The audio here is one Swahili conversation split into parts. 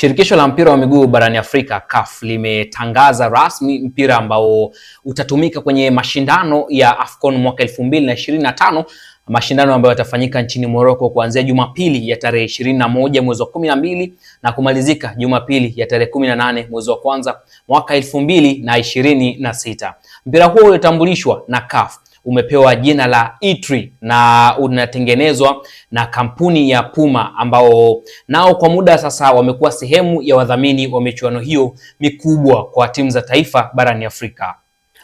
Shirikisho la mpira wa miguu barani Afrika CAF limetangaza rasmi mpira ambao utatumika kwenye mashindano ya AFCON mwaka 2025, mashindano ambayo yatafanyika nchini Morocco kuanzia Jumapili ya tarehe 21 mwezi wa 12 na kumalizika Jumapili ya tarehe 18 mwezi wa kwanza mwaka 2026. Mpira huo ulitambulishwa na CAF umepewa jina la Itri na unatengenezwa na kampuni ya Puma ambao nao kwa muda sasa wamekuwa sehemu ya wadhamini wa michuano hiyo mikubwa kwa timu za taifa barani Afrika.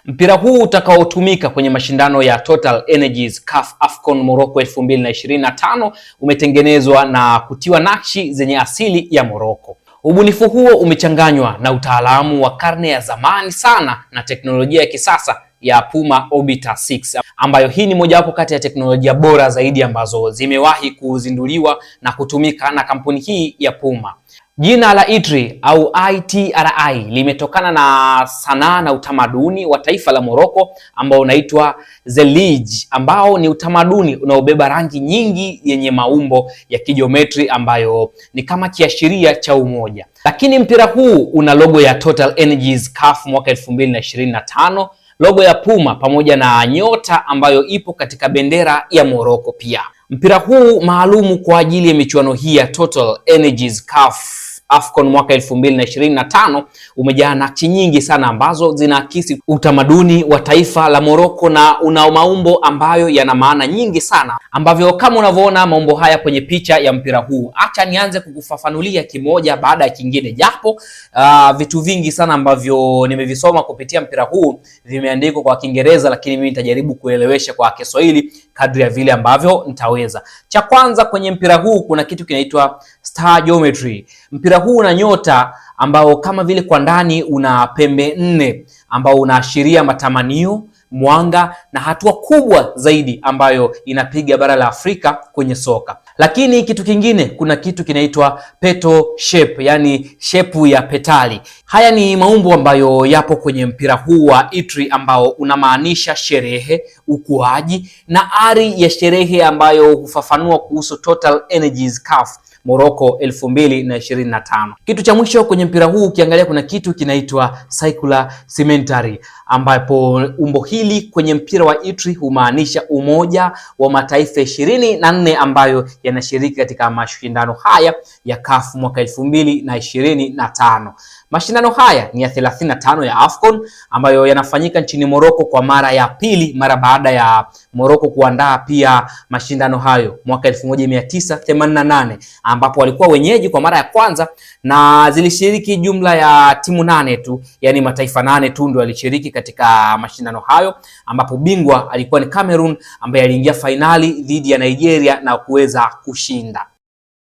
Mpira huu utakaotumika kwenye mashindano ya Total Energies CAF AFCON Morocco 2025 umetengenezwa na kutiwa nakshi zenye asili ya Morocco. Ubunifu huo umechanganywa na utaalamu wa karne ya zamani sana na teknolojia ya kisasa ya Puma Obita 6 ambayo hii ni mojawapo kati ya teknolojia bora zaidi ambazo zimewahi kuzinduliwa na kutumika na kampuni hii ya Puma. Jina la ITRI au ITRI limetokana na sanaa na utamaduni wa taifa la Moroko ambao unaitwa Zelij, ambao ni utamaduni unaobeba rangi nyingi yenye maumbo ya kijiometri ambayo ni kama kiashiria cha umoja. Lakini mpira huu una logo ya Total Energies CAF mwaka 2025 logo ya puma pamoja na nyota ambayo ipo katika bendera ya Morocco pia. Mpira huu maalumu kwa ajili ya michuano hii ya Total Energies CAF AFCON mwaka 2025 umejaa nakshi nyingi sana ambazo zinaakisi utamaduni wa taifa la Morocco na una maumbo ambayo yana maana nyingi sana ambavyo kama unavyoona maumbo haya kwenye picha ya mpira huu acha nianze kukufafanulia kimoja baada ya kingine, japo uh, vitu vingi sana ambavyo nimevisoma kupitia mpira huu vimeandikwa kwa Kiingereza, lakini mimi nitajaribu kuelewesha kwa Kiswahili kadri ya vile ambavyo nitaweza. Cha kwanza kwenye mpira huu kuna kitu kinaitwa star geometry. Mpira huu una nyota ambao kama vile kwa ndani una pembe nne ambao unaashiria matamanio mwanga na hatua kubwa zaidi ambayo inapiga bara la Afrika kwenye soka. Lakini kitu kingine, kuna kitu kinaitwa petal shape, yani shepu ya petali. Haya ni maumbo ambayo yapo kwenye mpira huu wa Itri ambao unamaanisha sherehe, ukuaji na ari ya sherehe ambayo hufafanua kuhusu Total Energies CAF Morocco 2025. Kitu cha mwisho kwenye mpira huu ukiangalia kuna kitu kinaitwa circular cemetery, ambapo umbo hili kwenye mpira wa Itri humaanisha Umoja wa Mataifa ishirini na nne ambayo yanashiriki katika mashindano haya ya CAF mwaka 2025. Mashindano mashindano haya ni ya 35 ya AFCON ambayo yanafanyika nchini Morocco kwa mara ya pili mara baada ya Morocco kuandaa pia mashindano hayo mwaka 1988 ambapo walikuwa wenyeji kwa mara ya kwanza na zilishiriki jumla ya timu nane tu, yani mataifa nane tu ndio yalishiriki katika mashindano hayo, ambapo bingwa alikuwa ni Cameroon ambaye aliingia fainali dhidi ya Nigeria na kuweza kushinda.